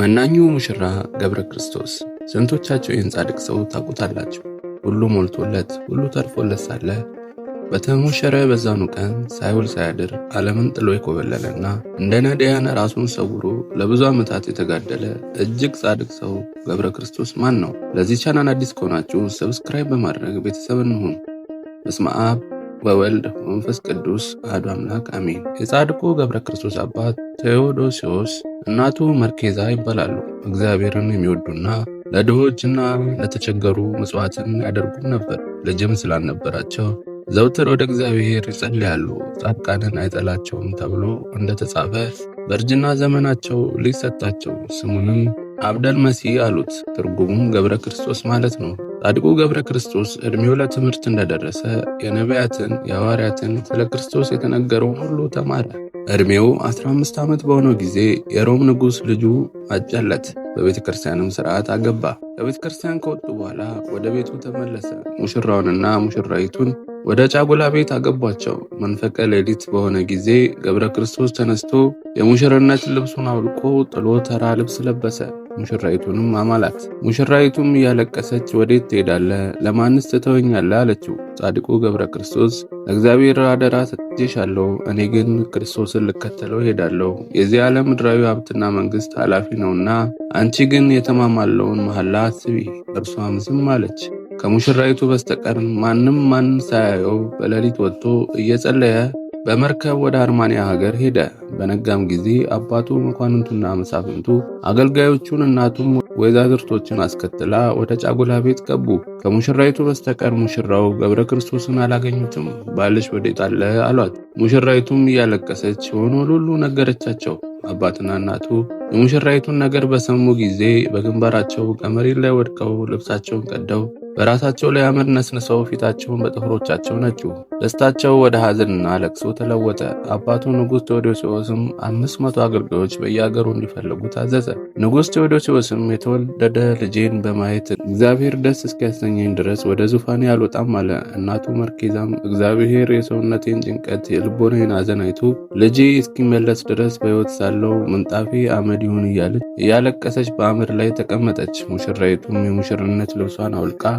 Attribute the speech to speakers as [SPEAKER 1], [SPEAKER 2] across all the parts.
[SPEAKER 1] መናኙ ሙሽራ ገብረ ክርስቶስ። ስንቶቻቸው ይህን ጻድቅ ሰው ታውቁታላችሁ? ሁሉ ሞልቶለት ሁሉ ተርፎለት ሳለ በተሞሸረ በዛኑ ቀን ሳይውል ሳያድር ዓለምን ጥሎ የኮበለለና እንደ ነዳያን ራሱን ሰውሮ ለብዙ ዓመታት የተጋደለ እጅግ ጻድቅ ሰው ገብረ ክርስቶስ ማን ነው? ለዚህ ቻናል አዲስ ከሆናችሁ ሰብስክራይብ በማድረግ ቤተሰብ እንሁን። በስመ አብ ወወልድ መንፈስ ቅዱስ አሐዱ አምላክ አሜን። የጻድቁ ገብረ ክርስቶስ አባት ቴዎዶሲዎስ እናቱ መርኬዛ ይባላሉ። እግዚአብሔርን የሚወዱና ለድሆችና ለተቸገሩ ምጽዋትን ያደርጉም ነበር። ልጅም ስላልነበራቸው ዘውትር ወደ እግዚአብሔር ይጸልያሉ። ጻድቃንን አይጠላቸውም ተብሎ እንደተጻፈ በእርጅና ዘመናቸው ልጅ ሰጣቸው። ስሙንም አብደል መሲህ አሉት። ትርጉሙም ገብረ ክርስቶስ ማለት ነው። ጻድቁ ገብረ ክርስቶስ ዕድሜው ለትምህርት እንደደረሰ የነቢያትን የሐዋርያትን ስለ ክርስቶስ የተነገረው ሁሉ ተማረ። ዕድሜው 15 ዓመት በሆነው ጊዜ የሮም ንጉሥ ልጁ አጨለት፣ በቤተ ክርስቲያንም ሥርዓት አገባ። ከቤተ ክርስቲያን ከወጡ በኋላ ወደ ቤቱ ተመለሰ። ሙሽራውንና ሙሽራይቱን ወደ ጫጉላ ቤት አገቧቸው። መንፈቀ ሌሊት በሆነ ጊዜ ገብረ ክርስቶስ ተነስቶ የሙሽርነት ልብሱን አውልቆ ጥሎ ተራ ልብስ ለበሰ። ሙሽራይቱንም አማላት። ሙሽራይቱም እያለቀሰች ወዴት ትሄዳለህ? ለማንስ ትተወኛለህ? አለችው። ጻድቁ ገብረ ክርስቶስ ለእግዚአብሔር አደራ ሰጥቼሻለሁ፣ እኔ ግን ክርስቶስን ልከተለው እሄዳለሁ። የዚህ ዓለም ምድራዊ ሀብትና መንግስት ኃላፊ ነውና፣ አንቺ ግን የተማማለውን መሐላ አስቢ። እርሷም ዝም አለች። ከሙሽራይቱ በስተቀር ማንም ማንም ሳያየው በሌሊት ወጥቶ እየጸለየ በመርከብ ወደ አርማንያ ሀገር ሄደ። በነጋም ጊዜ አባቱ መኳንንቱና መሳፍንቱ አገልጋዮቹን እናቱም ወይዛዝርቶችን አስከትላ ወደ ጫጉላ ቤት ገቡ። ከሙሽራይቱ በስተቀር ሙሽራው ገብረ ክርስቶስን አላገኙትም። ባልሽ ወዴት አለ አሏት። ሙሽራይቱም እያለቀሰች የሆነውን ሁሉ ነገረቻቸው። አባትና እናቱ የሙሽራይቱን ነገር በሰሙ ጊዜ በግንባራቸው ከመሬት ላይ ወድቀው ልብሳቸውን ቀደው በራሳቸው ላይ አመድ ነስንሰው ፊታቸውን በጥፍሮቻቸው ነጩ። ደስታቸው ወደ ሐዘንና ለቅሶ ተለወጠ። አባቱ ንጉሥ ቴዎዶሲዎስም አምስት መቶ አገልጋዮች በየአገሩ እንዲፈልጉ ታዘዘ። ንጉሥ ቴዎዶሲዎስም የተወለደ ልጄን በማየት እግዚአብሔር ደስ እስኪያሰኘኝ ድረስ ወደ ዙፋኔ አልወጣም አለ። እናቱ መርኬዛም እግዚአብሔር የሰውነቴን ጭንቀት፣ የልቦናዬን ሐዘን አይቶ ልጄ እስኪመለስ ድረስ በሕይወት ሳለው ምንጣፌ አመድ ይሁን እያለች እያለቀሰች በአመድ ላይ ተቀመጠች። ሙሽራይቱም የሙሽርነት ልብሷን አውልቃ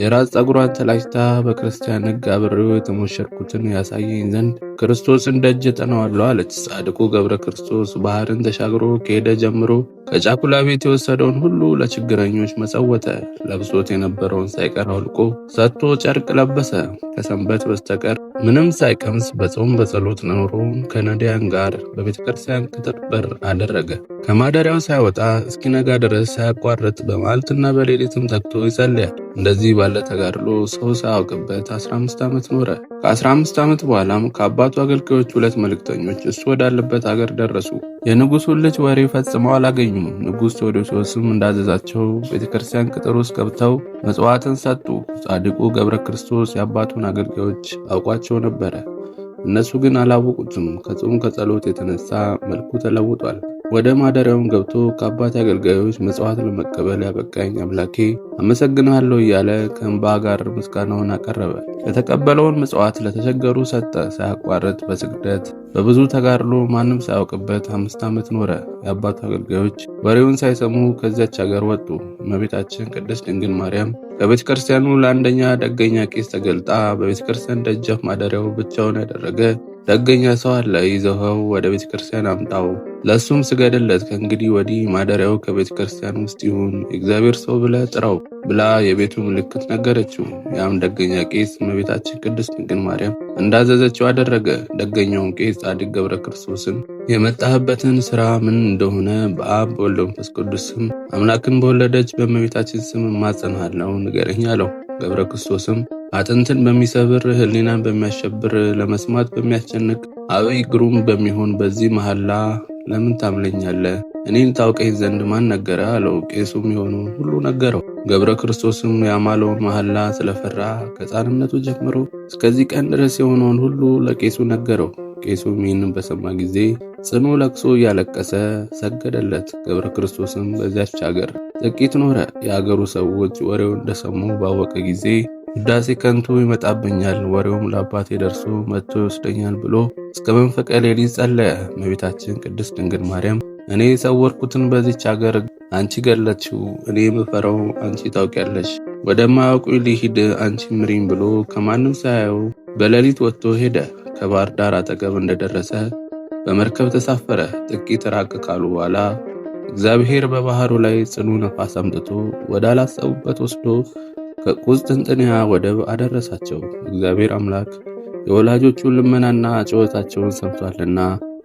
[SPEAKER 1] የራስ ጸጉሯን ተላጭታ በክርስቲያን ሕግ አብሬው የተሞሸርኩትን ያሳየኝ ዘንድ እንደ እጅ እጠናዋለሁ አለች። ጻድቁ ገብረ ክርስቶስ ባህርን ተሻግሮ ከሄደ ጀምሮ ከጫኩላ ቤት የወሰደውን ሁሉ ለችግረኞች መጸወተ። ለብሶት የነበረውን ሳይቀር አውልቆ ሰጥቶ ጨርቅ ለበሰ። ከሰንበት በስተቀር ምንም ሳይቀምስ በጾም በጸሎት ኖሮ ከነዳያን ጋር በቤተ ክርስቲያን ቅጥር በር አደረገ። ከማደሪያው ሳይወጣ እስኪነጋ ድረስ ሳያቋርጥ በማልትና በሌሊትም ተግቶ ይጸልያል። እንደዚህ ባለ ተጋድሎ ሰው ሳያውቅበት 15 ዓመት ኖረ። ከ15 ዓመት በኋላም ከአባቱ አገልጋዮች ሁለት መልእክተኞች እሱ ወዳለበት አገር ደረሱ። የንጉሱን ልጅ ወሬ ፈጽመው አላገኙም። ንጉሥ ቴዎዶሲዎስም እንዳዘዛቸው ቤተክርስቲያን ቅጥር ውስጥ ገብተው መጽዋዕትን ሰጡ። ጻድቁ ገብረ ክርስቶስ የአባቱን አገልጋዮች አውቋቸው ነበረ። እነሱ ግን አላወቁትም። ከጾም ከጸሎት የተነሳ መልኩ ተለውጧል። ወደ ማደሪያውም ገብቶ ከአባቴ አገልጋዮች መጽዋት ለመቀበል ያበቃኝ አምላኬ አመሰግናለሁ እያለ ከእንባ ጋር ምስጋናውን አቀረበ። የተቀበለውን መጽዋዕት ለተቸገሩ ሰጠ። ሳያቋርጥ በስግደት በብዙ ተጋድሎ ማንም ሳያውቅበት አምስት ዓመት ኖረ። የአባቱ አገልጋዮች ወሬውን ሳይሰሙ ከዚያች ሀገር ወጡ። እመቤታችን ቅድስት ድንግል ማርያም ከቤተ ክርስቲያኑ ለአንደኛ ደገኛ ቄስ ተገልጣ በቤተ ክርስቲያን ደጃፍ ማደሪያው ብቻውን ያደረገ ደገኛ ሰው አለ። ይዘኸው ወደ ቤተ ክርስቲያን አምጣው ለእሱም ስገድለት ከእንግዲህ ወዲህ ማደሪያው ከቤተ ክርስቲያን ውስጥ ይሁን እግዚአብሔር ሰው ብለህ ጥራው ብላ የቤቱ ምልክት ነገረችው። ያም ደገኛ ቄስ እመቤታችን ቅድስት ድንግል ማርያም እንዳዘዘችው አደረገ። ደገኛውም ቄስ ጻድቅ ገብረ ክርስቶስን የመጣህበትን ስራ ምን እንደሆነ በአብ በወልድ በመንፈስ ቅዱስ ስም አምላክን በወለደች በእመቤታችን ስም እማጸንሃለሁ ንገረኝ አለው። ገብረ ክርስቶስም አጥንትን በሚሰብር ህሊናን በሚያሸብር ለመስማት በሚያስጨንቅ አብይ ግሩም በሚሆን በዚህ መሐላ ለምን ታምለኛለህ? እኔን ታውቀኝ ዘንድ ማን ነገረ አለው። ቄሱም የሆነውን ሁሉ ነገረው። ገብረ ክርስቶስም ያማለውን መሐላ ስለፈራ ከሕፃንነቱ ጀምሮ እስከዚህ ቀን ድረስ የሆነውን ሁሉ ለቄሱ ነገረው። ቄሱም ይህንን በሰማ ጊዜ ጽኑ ለቅሶ እያለቀሰ ሰገደለት። ገብረ ክርስቶስም በዚያች አገር ጥቂት ኖረ። የአገሩ ሰዎች ወሬው እንደሰሙ ባወቀ ጊዜ ውዳሴ ከንቱ ይመጣብኛል፣ ወሬውም ለአባቴ ደርሶ መጥቶ ይወስደኛል ብሎ እስከ መንፈቀ ሌሊት ጸለየ። እመቤታችን ቅድስት ድንግል ማርያም እኔ የሰወርኩትን በዚች አገር አንቺ ገለችው፣ እኔ የምፈራው አንቺ ታውቂያለሽ፣ ማያውቁ ሊሂድ አንቺ ምሪም ብሎ ከማንም ሳያየው በሌሊት ወጥቶ ሄደ። ከባህር ዳር አጠገብ እንደደረሰ በመርከብ ተሳፈረ። ጥቂት ራቅ ካሉ በኋላ እግዚአብሔር በባህሩ ላይ ጽኑ ነፋስ አምጥቶ ወዳላሰቡበት ወስዶ ከቁስጥንጥንያ ወደብ አደረሳቸው። እግዚአብሔር አምላክ የወላጆቹን ልመናና ጩኸታቸውን ሰምቷልና።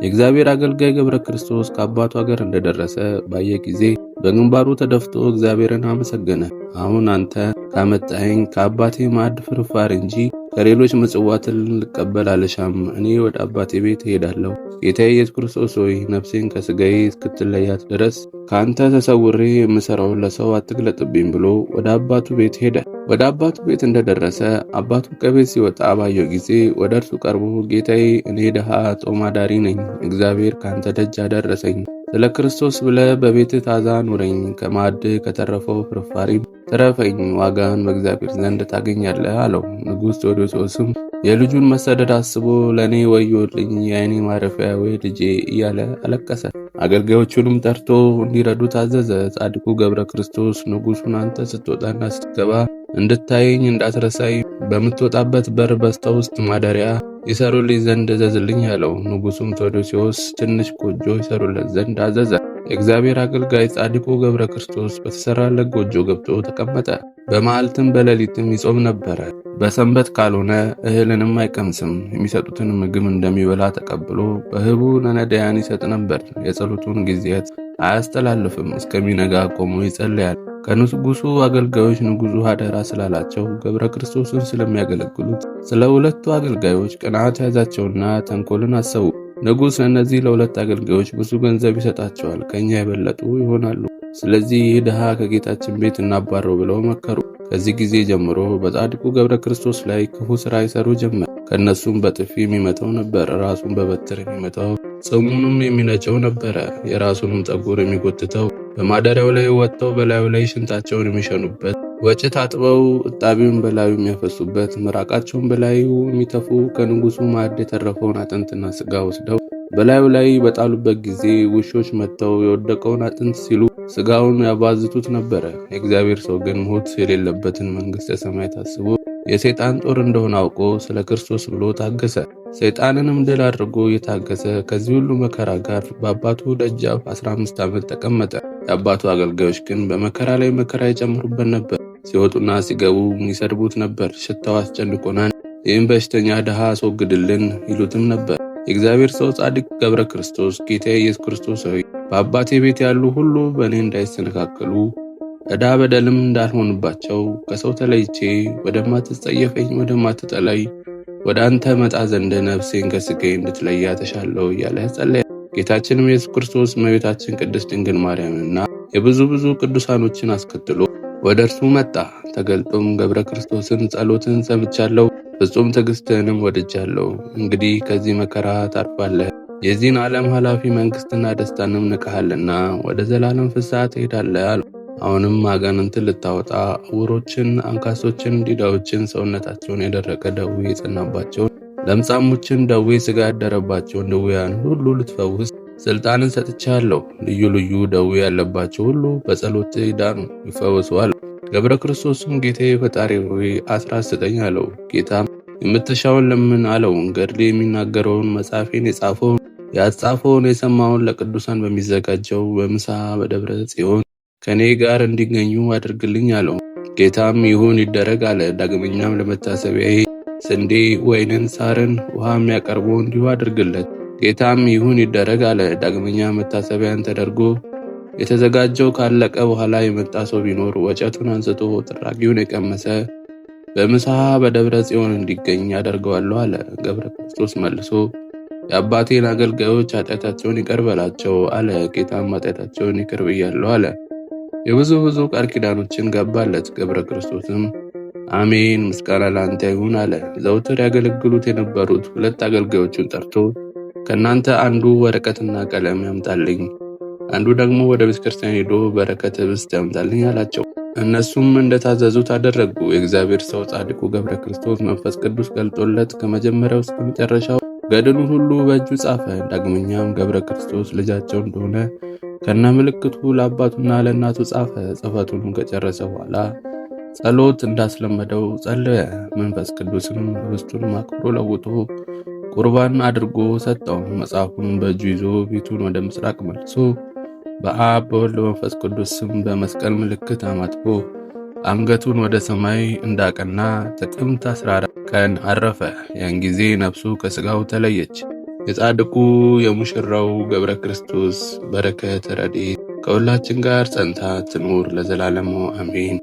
[SPEAKER 1] የእግዚአብሔር አገልጋይ ገብረ ክርስቶስ ከአባቱ አገር እንደደረሰ ባየ ጊዜ በግንባሩ ተደፍቶ እግዚአብሔርን አመሰገነ። አሁን አንተ ካመጣኸኝ ከአባቴ ማዕድ ፍርፋር እንጂ ከሌሎች መጽዋትን ልቀበል አልሻም። እኔ ወደ አባቴ ቤት እሄዳለሁ። ጌታ ኢየሱስ ክርስቶስ ሆይ ነፍሴን ከስጋዬ እስክትለያት ድረስ ከአንተ ተሰውሬ የምሰራውን ለሰው አትግለጥብኝ ብሎ ወደ አባቱ ቤት ሄደ። ወደ አባቱ ቤት እንደደረሰ አባቱ ከቤት ሲወጣ ባየው ጊዜ ወደ እርሱ ቀርቦ ጌታዬ፣ እኔ ድሃ ጦም አዳሪ ነኝ። እግዚአብሔር ከአንተ ደጅ አደረሰኝ ስለ ክርስቶስ ብለ በቤት ታዛ ኑረኝ፣ ከማዕድ ከተረፈው ፍርፋሪ ትረፈኝ፣ ዋጋህን በእግዚአብሔር ዘንድ ታገኛለህ አለው። ንጉሥ ቴዎዶስዮስም የልጁን መሰደድ አስቦ ለእኔ ወዮልኝ፣ የአይኔ ማረፊያ ወይ ልጄ እያለ አለቀሰ። አገልጋዮቹንም ጠርቶ እንዲረዱ ታዘዘ። ጻድቁ ገብረ ክርስቶስ ንጉሡን አንተ ስትወጣና ስትገባ እንድታየኝ እንዳትረሳይ በምትወጣበት በር በስተውስጥ ማደሪያ ይሰሩልኝ ዘንድ እዘዝልኝ አለው። ንጉሱም ቴዎዶስዮስ ትንሽ ጎጆ ይሰሩለት ዘንድ አዘዘ። የእግዚአብሔር አገልጋይ ጻድቁ ገብረ ክርስቶስ በተሰራለት ጎጆ ገብቶ ተቀመጠ። በመዓልትም በሌሊትም ይጾም ነበረ። በሰንበት ካልሆነ እህልንም አይቀምስም። የሚሰጡትን ምግብ እንደሚበላ ተቀብሎ በህቡ ለነዳያን ይሰጥ ነበር። የጸሎቱን ጊዜያት አያስተላልፍም፣ እስከሚነጋ ቆሞ ይጸለያል። ከንጉሱ አገልጋዮች ንጉሱ አደራ ስላላቸው ገብረ ክርስቶስን ስለሚያገለግሉት ስለ ሁለቱ አገልጋዮች ቅንዓት ያዛቸውና ተንኮልን አሰቡ። ንጉሥ ለእነዚህ ለሁለት አገልጋዮች ብዙ ገንዘብ ይሰጣቸዋል፣ ከእኛ የበለጡ ይሆናሉ። ስለዚህ ይህ ድሃ ከጌታችን ቤት እናባረው ብለው መከሩ። ከዚህ ጊዜ ጀምሮ በጻድቁ ገብረ ክርስቶስ ላይ ክፉ ሥራ ይሰሩ ጀመር። ከእነሱም በጥፊ የሚመታው ነበር፣ ራሱን በበትር የሚመታው፣ ጽሙንም የሚነጨው ነበረ። የራሱንም ጠጉር የሚጎትተው፣ በማደሪያው ላይ ወጥተው በላዩ ላይ ሽንታቸውን የሚሸኑበት ወጭ ታጥበው እጣቢውን በላዩ የሚያፈሱበት ምራቃቸውን በላዩ የሚተፉ ከንጉሱ ማዕድ የተረፈውን አጥንትና ስጋ ወስደው በላዩ ላይ በጣሉበት ጊዜ ውሾች መጥተው የወደቀውን አጥንት ሲሉ ስጋውን ያባዝቱት ነበረ። የእግዚአብሔር ሰው ግን ሞት የሌለበትን መንግስት ሰማያት አስቦ የሰይጣን ጦር እንደሆነ አውቆ ስለ ክርስቶስ ብሎ ታገሰ። ሰይጣንንም ድል አድርጎ እየታገሰ ከዚህ ሁሉ መከራ ጋር በአባቱ ደጃፍ 15 ዓመት ተቀመጠ። የአባቱ አገልጋዮች ግን በመከራ ላይ መከራ ይጨምሩበት ነበር። ሲወጡና ሲገቡ ይሰድቡት ነበር። ሽታው አስጨንቆናል፣ ይህም በሽተኛ ድሃ አስወግድልን ይሉትም ነበር። የእግዚአብሔር ሰው ጻድቅ ገብረ ክርስቶስ ጌታ ኢየሱስ ክርስቶስ ሆይ በአባቴ ቤት ያሉ ሁሉ በእኔ እንዳይሰነካከሉ ዕዳ በደልም እንዳልሆንባቸው ከሰው ተለይቼ ወደማትጸየፈኝ ወደማትጠላይ ወደ አንተ መጣ ዘንድ ነፍሴን ከስጌ እንድትለያ ተሻለው እያለ ጸለያ። ጌታችንም ኢየሱስ ክርስቶስ እመቤታችን ቅድስት ድንግል ማርያምና የብዙ ብዙ ቅዱሳኖችን አስከትሎ ወደ እርሱ መጣ። ተገልጦም ገብረ ክርስቶስን ጸሎትን ሰምቻለሁ፣ ፍጹም ትዕግስትህንም ወድጃለሁ። እንግዲህ ከዚህ መከራ ታርፋለህ። የዚህን ዓለም ኃላፊ መንግሥትና ደስታንም ንቀሃልና ወደ ዘላለም ፍስሐ ትሄዳለህ አሉ። አሁንም አጋንንትን ልታወጣ ዕውሮችን፣ አንካሶችን፣ ዲዳዎችን፣ ሰውነታቸውን የደረቀ ደዌ የጸናባቸውን፣ ለምጻሞችን፣ ደዌ ሥጋ ያደረባቸውን ድውያን ሁሉ ልትፈውስ ስልጣንን ሰጥቻለሁ፣ ልዩ ልዩ ደዌ ያለባቸው ሁሉ በጸሎት ይዳኑ ይፈወሳሉ። ገብረ ክርስቶስም ጌታዬ ፈጣሪ ሆይ አስራት ስጠኝ አለው። ጌታም የምትሻውን ለምን አለው። ገድሌ የሚናገረውን መጽሐፌን የጻፈውን ያጻፈውን የሰማውን ለቅዱሳን በሚዘጋጀው በምሳ በደብረ ጽዮን ከእኔ ጋር እንዲገኙ አድርግልኝ አለው። ጌታም ይሁን ይደረግ አለ። ዳግመኛም ለመታሰቢያ ስንዴ፣ ወይንን፣ ሳርን፣ ውሃ የሚያቀርበው እንዲሁ አድርግለት ጌታም ይሁን ይደረግ አለ። ዳግመኛ መታሰቢያን ተደርጎ የተዘጋጀው ካለቀ በኋላ የመጣ ሰው ቢኖር ወጨቱን አንስቶ ጥራጊውን የቀመሰ በምሳ በደብረ ጽዮን እንዲገኝ ያደርገዋለሁ አለ። ገብረ ክርስቶስ መልሶ የአባቴን አገልጋዮች ኃጢአታቸውን ይቅር በላቸው አለ። ጌታም ኃጢአታቸውን ይቅር ብያለሁ አለ። የብዙ ብዙ ቃል ኪዳኖችን ገባለት። ገብረ ክርስቶስም አሜን ምስጋና ለአንተ ይሁን አለ። ዘውትር ያገለግሉት የነበሩት ሁለት አገልጋዮቹን ጠርቶ ከእናንተ አንዱ ወረቀትና ቀለም ያምጣልኝ፣ አንዱ ደግሞ ወደ ቤተ ክርስቲያን ሄዶ በረከት ብስት ያምጣልኝ አላቸው። እነሱም እንደታዘዙት አደረጉ። የእግዚአብሔር ሰው ጻድቁ ገብረ ክርስቶስ መንፈስ ቅዱስ ገልጦለት ከመጀመሪያው እስከ መጨረሻው ገድሉን ሁሉ በእጁ ጻፈ። ዳግመኛም ገብረ ክርስቶስ ልጃቸው እንደሆነ ከነ ምልክቱ ለአባቱና ለእናቱ ጻፈ። ጽሕፈቱንም ከጨረሰ በኋላ ጸሎት እንዳስለመደው ጸለየ። መንፈስ ቅዱስንም ህብስቱን አክብሮ ለውጦ ቁርባን አድርጎ ሰጠው። መጽሐፉን በእጁ ይዞ ፊቱን ወደ ምስራቅ መልሶ በአብ በወልድ በመንፈስ ቅዱስ ስም በመስቀል ምልክት አማትቦ አንገቱን ወደ ሰማይ እንዳቀና ጥቅምት 14 ቀን አረፈ። ያን ጊዜ ነፍሱ ከስጋው ተለየች። የጻድቁ የሙሽራው ገብረ ክርስቶስ በረከት ረድኤት ከሁላችን ጋር ጸንታ ትኑር ለዘላለሙ አሜን።